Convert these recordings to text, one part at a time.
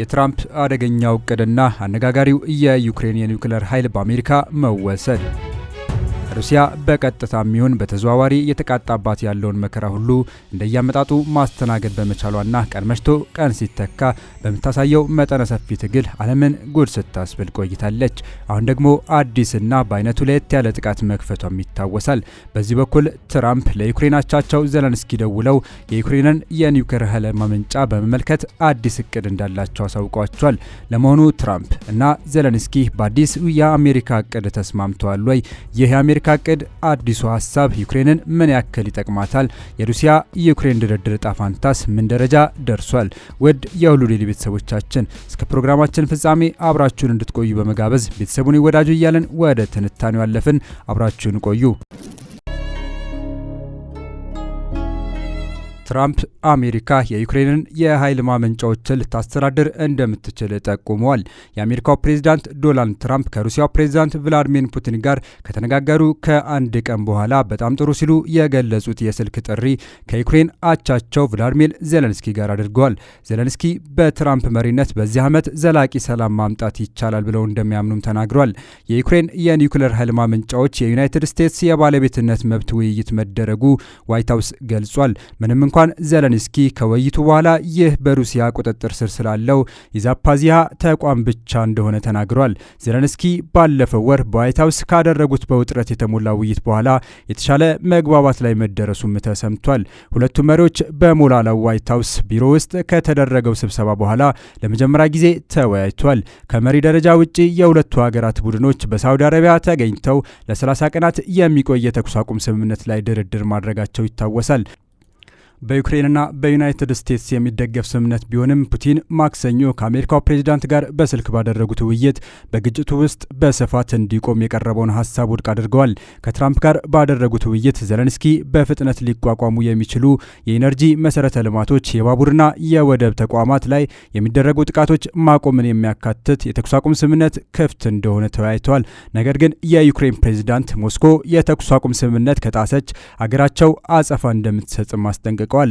የትራምፕ አደገኛ እቅድና አነጋጋሪው የዩክሬን የኒውክለር ኃይል በአሜሪካ መወሰድ ሩሲያ በቀጥታም ይሁን በተዘዋዋሪ የተቃጣባት ያለውን መከራ ሁሉ እንደያመጣጡ ማስተናገድ በመቻሏና ቀን መሽቶ ቀን ሲተካ በምታሳየው መጠነ ሰፊ ትግል ዓለምን ጉድ ስታስብል ቆይታለች። አሁን ደግሞ አዲስና በአይነቱ ለየት ያለ ጥቃት መክፈቷም ይታወሳል። በዚህ በኩል ትራምፕ ለዩክሬን አቻቸው ዘለንስኪ ደውለው የዩክሬንን የኒውክሌር ኃይል ማመንጫ በመመልከት አዲስ እቅድ እንዳላቸው አሳውቋቸዋል። ለመሆኑ ትራምፕ እና ዘለንስኪ በአዲስ የአሜሪካ እቅድ ተስማምተዋል ወይ? ይህ የአሜሪካ የአሜሪካ እቅድ አዲሱ ሀሳብ ዩክሬንን ምን ያክል ይጠቅማታል? የሩሲያ የዩክሬን ድርድር እጣ ፋንታስ ምን ደረጃ ደርሷል? ውድ የሁሉ ዴይሊ ቤተሰቦቻችን እስከ ፕሮግራማችን ፍጻሜ አብራችሁን እንድትቆዩ በመጋበዝ ቤተሰቡን ይወዳጁ እያለን ወደ ትንታኔው አለፍን። አብራችሁን ቆዩ። ትራምፕ አሜሪካ የዩክሬንን የኃይል ማመንጫዎችን ልታስተዳድር እንደምትችል ጠቁመዋል። የአሜሪካው ፕሬዚዳንት ዶናልድ ትራምፕ ከሩሲያው ፕሬዚዳንት ቭላድሚር ፑቲን ጋር ከተነጋገሩ ከአንድ ቀን በኋላ በጣም ጥሩ ሲሉ የገለጹት የስልክ ጥሪ ከዩክሬን አቻቸው ቭላድሚር ዜለንስኪ ጋር አድርገዋል። ዜለንስኪ በትራምፕ መሪነት በዚህ ዓመት ዘላቂ ሰላም ማምጣት ይቻላል ብለው እንደሚያምኑም ተናግሯል። የዩክሬን የኒውክሌር ኃይል ማመንጫዎች የዩናይትድ ስቴትስ የባለቤትነት መብት ውይይት መደረጉ ዋይት ሀውስ ገልጿል። ምንም እንኳ እንኳን ዘለንስኪ ከውይይቱ በኋላ ይህ በሩሲያ ቁጥጥር ስር ስላለው የዛፓዚያ ተቋም ብቻ እንደሆነ ተናግሯል። ዘለንስኪ ባለፈው ወር በዋይት ሀውስ ካደረጉት በውጥረት የተሞላ ውይይት በኋላ የተሻለ መግባባት ላይ መደረሱም ተሰምቷል። ሁለቱ መሪዎች በሞላላው ዋይት ሀውስ ቢሮ ውስጥ ከተደረገው ስብሰባ በኋላ ለመጀመሪያ ጊዜ ተወያይቷል። ከመሪ ደረጃ ውጭ የሁለቱ ሀገራት ቡድኖች በሳውዲ አረቢያ ተገኝተው ለ30 ቀናት የሚቆይ የተኩስ አቁም ስምምነት ላይ ድርድር ማድረጋቸው ይታወሳል። በዩክሬንና በዩናይትድ ስቴትስ የሚደገፍ ስምምነት ቢሆንም ፑቲን ማክሰኞ ከአሜሪካው ፕሬዚዳንት ጋር በስልክ ባደረጉት ውይይት በግጭቱ ውስጥ በስፋት እንዲቆም የቀረበውን ሀሳብ ውድቅ አድርገዋል። ከትራምፕ ጋር ባደረጉት ውይይት ዘለንስኪ በፍጥነት ሊቋቋሙ የሚችሉ የኢነርጂ መሰረተ ልማቶች፣ የባቡርና የወደብ ተቋማት ላይ የሚደረጉ ጥቃቶች ማቆምን የሚያካትት የተኩስ አቁም ስምምነት ክፍት እንደሆነ ተወያይተዋል። ነገር ግን የዩክሬን ፕሬዚዳንት ሞስኮ የተኩስ አቁም ስምምነት ከጣሰች አገራቸው አጸፋ እንደምትሰጥም አስጠንቀቅ አስጠንቅቀዋል።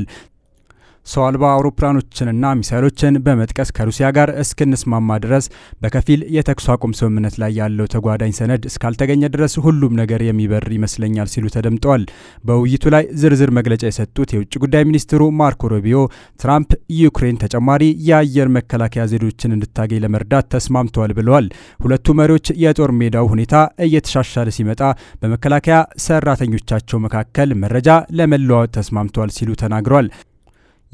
ሰው አልባ አውሮፕላኖችንና ሚሳይሎችን በመጥቀስ ከሩሲያ ጋር እስክንስማማ ድረስ በከፊል የተኩስ አቁም ስምምነት ላይ ያለው ተጓዳኝ ሰነድ እስካልተገኘ ድረስ ሁሉም ነገር የሚበር ይመስለኛል ሲሉ ተደምጠዋል። በውይይቱ ላይ ዝርዝር መግለጫ የሰጡት የውጭ ጉዳይ ሚኒስትሩ ማርኮ ሮቢዮ ትራምፕ ዩክሬን ተጨማሪ የአየር መከላከያ ዘዴዎችን እንድታገኝ ለመርዳት ተስማምተዋል ብለዋል። ሁለቱ መሪዎች የጦር ሜዳው ሁኔታ እየተሻሻለ ሲመጣ በመከላከያ ሰራተኞቻቸው መካከል መረጃ ለመለዋወጥ ተስማምተዋል ሲሉ ተናግረዋል።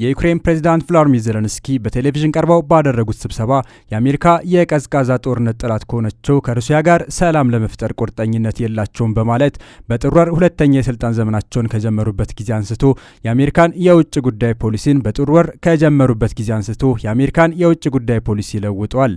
የዩክሬን ፕሬዚዳንት ቭላድሚር ዜለንስኪ በቴሌቪዥን ቀርበው ባደረጉት ስብሰባ የአሜሪካ የቀዝቃዛ ጦርነት ጠላት ከሆነችው ከሩሲያ ጋር ሰላም ለመፍጠር ቁርጠኝነት የላቸውም በማለት በጥር ወር ሁለተኛ የስልጣን ዘመናቸውን ከጀመሩበት ጊዜ አንስቶ የአሜሪካን የውጭ ጉዳይ ፖሊሲን በጥር ወር ከጀመሩበት ጊዜ አንስቶ የአሜሪካን የውጭ ጉዳይ ፖሊሲ ለውጧል።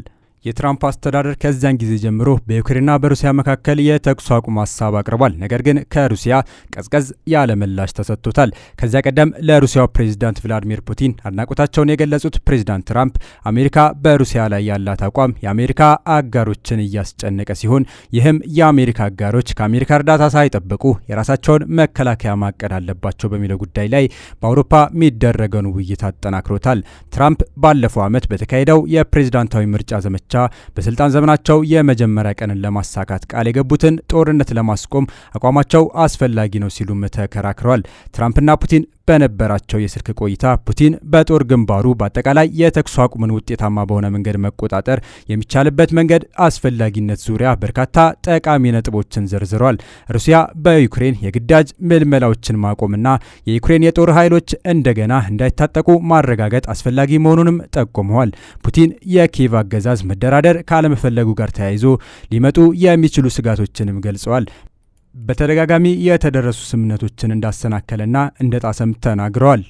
የትራምፕ አስተዳደር ከዚያን ጊዜ ጀምሮ በዩክሬንና በሩሲያ መካከል የተኩስ አቁም ሀሳብ አቅርቧል። ነገር ግን ከሩሲያ ቀዝቀዝ ያለ ምላሽ ተሰጥቶታል። ከዚያ ቀደም ለሩሲያው ፕሬዚዳንት ቭላዲሚር ፑቲን አድናቆታቸውን የገለጹት ፕሬዚዳንት ትራምፕ አሜሪካ በሩሲያ ላይ ያላት አቋም የአሜሪካ አጋሮችን እያስጨነቀ ሲሆን ይህም የአሜሪካ አጋሮች ከአሜሪካ እርዳታ ሳይጠብቁ የራሳቸውን መከላከያ ማቀድ አለባቸው በሚለው ጉዳይ ላይ በአውሮፓ የሚደረገውን ውይይት አጠናክሮታል። ትራምፕ ባለፈው ዓመት በተካሄደው የፕሬዚዳንታዊ ምርጫ ዘመቻ በስልጣን ዘመናቸው የመጀመሪያ ቀንን ለማሳካት ቃል የገቡትን ጦርነት ለማስቆም አቋማቸው አስፈላጊ ነው ሲሉም ተከራክረዋል። ትራምፕና ፑቲን በነበራቸው የስልክ ቆይታ ፑቲን በጦር ግንባሩ በአጠቃላይ የተኩስ አቁምን ውጤታማ በሆነ መንገድ መቆጣጠር የሚቻልበት መንገድ አስፈላጊነት ዙሪያ በርካታ ጠቃሚ ነጥቦችን ዘርዝሯል። ሩሲያ በዩክሬን የግዳጅ ምልመላዎችን ማቆምና የዩክሬን የጦር ኃይሎች እንደገና እንዳይታጠቁ ማረጋገጥ አስፈላጊ መሆኑንም ጠቁመዋል። ፑቲን የኪየቭ አገዛዝ መደራደር ካለመፈለጉ ጋር ተያይዞ ሊመጡ የሚችሉ ስጋቶችንም ገልጸዋል። በተደጋጋሚ የተደረሱ ስምምነቶችን እንዳሰናከለና እንደጣሰም ተናግረዋል።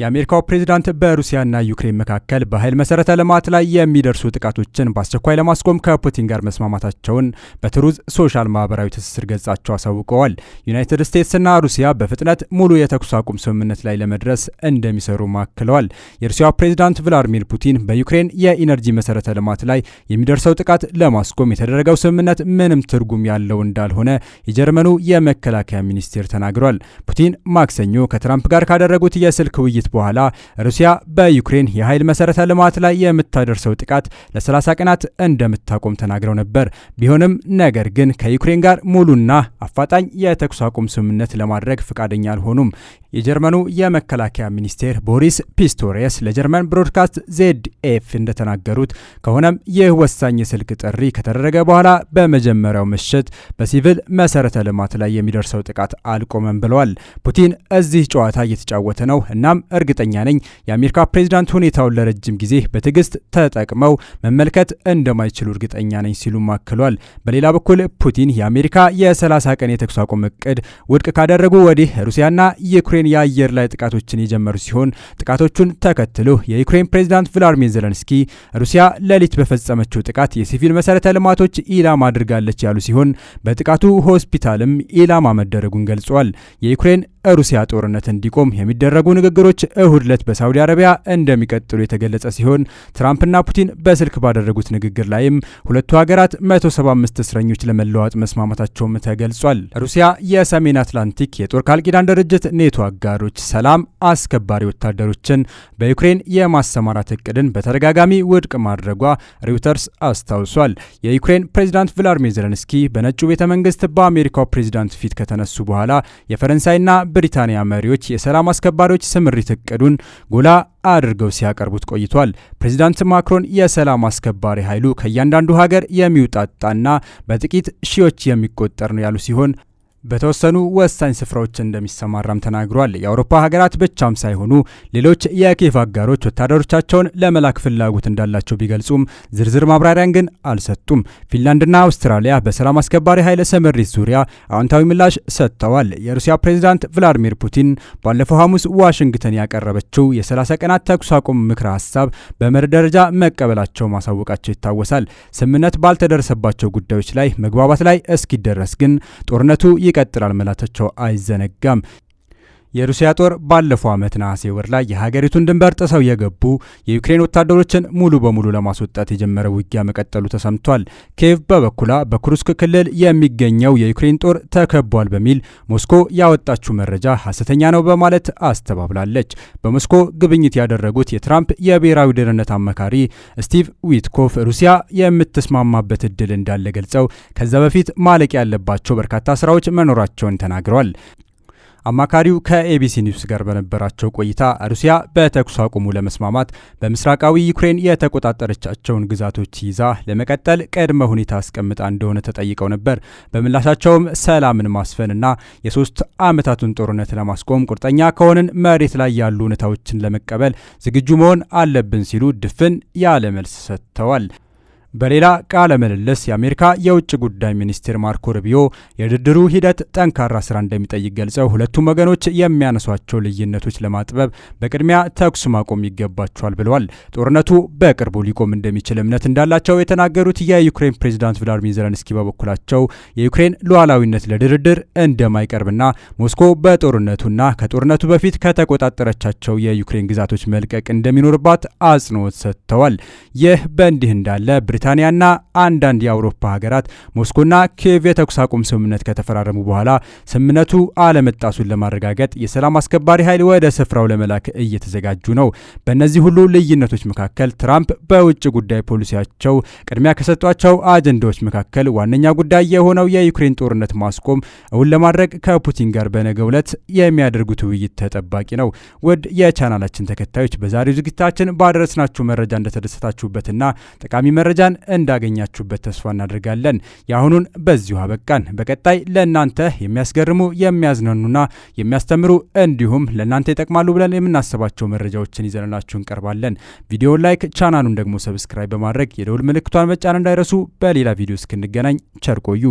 የአሜሪካው ፕሬዚዳንት በሩሲያና ዩክሬን መካከል በኃይል መሰረተ ልማት ላይ የሚደርሱ ጥቃቶችን በአስቸኳይ ለማስቆም ከፑቲን ጋር መስማማታቸውን በትሩዝ ሶሻል ማህበራዊ ትስስር ገጻቸው አሳውቀዋል። ዩናይትድ ስቴትስና ሩሲያ በፍጥነት ሙሉ የተኩስ አቁም ስምምነት ላይ ለመድረስ እንደሚሰሩ ማክለዋል። የሩሲያ ፕሬዚዳንት ቭላዲሚር ፑቲን በዩክሬን የኢነርጂ መሰረተ ልማት ላይ የሚደርሰው ጥቃት ለማስቆም የተደረገው ስምምነት ምንም ትርጉም ያለው እንዳልሆነ የጀርመኑ የመከላከያ ሚኒስቴር ተናግሯል። ፑቲን ማክሰኞ ከትራምፕ ጋር ካደረጉት የስልክ ውይይት ውይይት በኋላ ሩሲያ በዩክሬን የኃይል መሰረተ ልማት ላይ የምታደርሰው ጥቃት ለ30 ቀናት እንደምታቆም ተናግረው ነበር። ቢሆንም ነገር ግን ከዩክሬን ጋር ሙሉና አፋጣኝ የተኩስ አቁም ስምምነት ለማድረግ ፈቃደኛ አልሆኑም። የጀርመኑ የመከላከያ ሚኒስቴር ቦሪስ ፒስቶሪየስ ለጀርመን ብሮድካስት ዜድ ኤፍ እንደተናገሩት ከሆነም ይህ ወሳኝ የስልክ ጥሪ ከተደረገ በኋላ በመጀመሪያው ምሽት በሲቪል መሰረተ ልማት ላይ የሚደርሰው ጥቃት አልቆመም ብለዋል። ፑቲን እዚህ ጨዋታ እየተጫወተ ነው፣ እናም እርግጠኛ ነኝ የአሜሪካ ፕሬዚዳንት ሁኔታውን ለረጅም ጊዜ በትዕግስት ተጠቅመው መመልከት እንደማይችሉ እርግጠኛ ነኝ ሲሉ ማክሏል። በሌላ በኩል ፑቲን የአሜሪካ የ30 ቀን የተኩስ አቁም እቅድ ውድቅ ካደረጉ ወዲህ ሩሲያና ዩክሬን የአየር ላይ ጥቃቶችን የጀመሩ ሲሆን ጥቃቶቹን ተከትሎ የዩክሬን ፕሬዚዳንት ቭላድሚር ዘለንስኪ ሩሲያ ሌሊት በፈጸመችው ጥቃት የሲቪል መሰረተ ልማቶች ኢላማ አድርጋለች ያሉ ሲሆን በጥቃቱ ሆስፒታልም ኢላማ መደረጉን ገልጿል። የዩክሬን ሩሲያ ጦርነት እንዲቆም የሚደረጉ ንግግሮች እሁድ ዕለት በሳውዲ አረቢያ እንደሚቀጥሉ የተገለጸ ሲሆን ትራምፕና ፑቲን በስልክ ባደረጉት ንግግር ላይም ሁለቱ ሀገራት 175 እስረኞች ለመለዋወጥ መስማማታቸውም ተገልጿል። ሩሲያ የሰሜን አትላንቲክ የጦር ቃል ኪዳን ድርጅት ኔቶ አጋሮች ሰላም አስከባሪ ወታደሮችን በዩክሬን የማሰማራት እቅድን በተደጋጋሚ ውድቅ ማድረጓ ሪውተርስ አስታውሷል። የዩክሬን ፕሬዚዳንት ቭላዲሚር ዜሌንስኪ በነጩ ቤተ መንግስት በአሜሪካው ፕሬዚዳንት ፊት ከተነሱ በኋላ የፈረንሳይና የብሪታንያ መሪዎች የሰላም አስከባሪዎች ስምሪት እቅዱን ጎላ አድርገው ሲያቀርቡት ቆይቷል። ፕሬዚዳንት ማክሮን የሰላም አስከባሪ ኃይሉ ከእያንዳንዱ ሀገር የሚውጣጣና በጥቂት ሺዎች የሚቆጠር ነው ያሉ ሲሆን በተወሰኑ ወሳኝ ስፍራዎች እንደሚሰማራም ተናግሯል። የአውሮፓ ሀገራት ብቻም ሳይሆኑ ሌሎች የኬፍ አጋሮች ወታደሮቻቸውን ለመላክ ፍላጎት እንዳላቸው ቢገልጹም ዝርዝር ማብራሪያን ግን አልሰጡም። ፊንላንድና አውስትራሊያ በሰላም አስከባሪ ኃይለ ሰመሪት ዙሪያ አዎንታዊ ምላሽ ሰጥተዋል። የሩሲያ ፕሬዚዳንት ቭላዲሚር ፑቲን ባለፈው ሐሙስ ዋሽንግተን ያቀረበችው የ30 ቀናት ተኩስ አቁም ምክረ ሀሳብ በመር ደረጃ መቀበላቸው ማሳወቃቸው ይታወሳል። ስምምነት ባልተደረሰባቸው ጉዳዮች ላይ መግባባት ላይ እስኪደረስ ግን ጦርነቱ ይቀጥላል ማለታቸው አይዘነጋም። የሩሲያ ጦር ባለፈው ዓመት ነሐሴ ወር ላይ የሀገሪቱን ድንበር ጥሰው የገቡ የዩክሬን ወታደሮችን ሙሉ በሙሉ ለማስወጣት የጀመረ ውጊያ መቀጠሉ ተሰምቷል። ኬቭ በበኩላ በኩሩስክ ክልል የሚገኘው የዩክሬን ጦር ተከቧል በሚል ሞስኮ ያወጣችው መረጃ ሐሰተኛ ነው በማለት አስተባብላለች። በሞስኮ ግብኝት ያደረጉት የትራምፕ የብሔራዊ ደህንነት አማካሪ ስቲቭ ዊትኮፍ ሩሲያ የምትስማማበት እድል እንዳለ ገልጸው ከዛ በፊት ማለቅ ያለባቸው በርካታ ስራዎች መኖራቸውን ተናግረዋል። አማካሪው ከኤቢሲ ኒውስ ጋር በነበራቸው ቆይታ ሩሲያ በተኩስ አቁሙ ለመስማማት በምስራቃዊ ዩክሬን የተቆጣጠረቻቸውን ግዛቶች ይዛ ለመቀጠል ቅድመ ሁኔታ አስቀምጣ እንደሆነ ተጠይቀው ነበር። በምላሻቸውም ሰላምን ማስፈንና የሶስት ዓመታቱን ጦርነት ለማስቆም ቁርጠኛ ከሆንን መሬት ላይ ያሉ እውነታዎችን ለመቀበል ዝግጁ መሆን አለብን ሲሉ ድፍን ያለ መልስ ሰጥተዋል። በሌላ ቃለ ምልልስ የአሜሪካ የውጭ ጉዳይ ሚኒስትር ማርኮ ሩቢዮ የድርድሩ ሂደት ጠንካራ ስራ እንደሚጠይቅ ገልጸው ሁለቱም ወገኖች የሚያነሷቸው ልዩነቶች ለማጥበብ በቅድሚያ ተኩስ ማቆም ይገባቸዋል ብለዋል። ጦርነቱ በቅርቡ ሊቆም እንደሚችል እምነት እንዳላቸው የተናገሩት የዩክሬን ፕሬዚዳንት ቭላዲሚር ዘለንስኪ በበኩላቸው የዩክሬን ሉዓላዊነት ለድርድር እንደማይቀርብና ሞስኮ በጦርነቱና ከጦርነቱ በፊት ከተቆጣጠረቻቸው የዩክሬን ግዛቶች መልቀቅ እንደሚኖርባት አጽንኦት ሰጥተዋል። ይህ በእንዲህ እንዳለ ብሪታንያና አንዳንድ የአውሮፓ ሀገራት ሞስኮና ኪየቭ የተኩስ አቁም ስምምነት ከተፈራረሙ በኋላ ስምምነቱ አለመጣሱን ለማረጋገጥ የሰላም አስከባሪ ኃይል ወደ ስፍራው ለመላክ እየተዘጋጁ ነው። በእነዚህ ሁሉ ልዩነቶች መካከል ትራምፕ በውጭ ጉዳይ ፖሊሲያቸው ቅድሚያ ከሰጧቸው አጀንዳዎች መካከል ዋነኛ ጉዳይ የሆነው የዩክሬን ጦርነት ማስቆም እውን ለማድረግ ከፑቲን ጋር በነገው ዕለት የሚያደርጉት ውይይት ተጠባቂ ነው። ውድ የቻናላችን ተከታዮች በዛሬው ዝግጅታችን ባደረስናችሁ መረጃ እንደተደሰታችሁበትና ጠቃሚ መረጃ መረጃን እንዳገኛችሁበት ተስፋ እናደርጋለን። የአሁኑን በዚሁ አበቃን። በቀጣይ ለእናንተ የሚያስገርሙ የሚያዝናኑና የሚያስተምሩ እንዲሁም ለእናንተ ይጠቅማሉ ብለን የምናስባቸው መረጃዎችን ይዘንላችሁ እንቀርባለን። ቪዲዮ ላይክ፣ ቻናሉን ደግሞ ሰብስክራይብ በማድረግ የደውል ምልክቷን መጫን እንዳይረሱ። በሌላ ቪዲዮ እስክንገናኝ ቸርቆዩ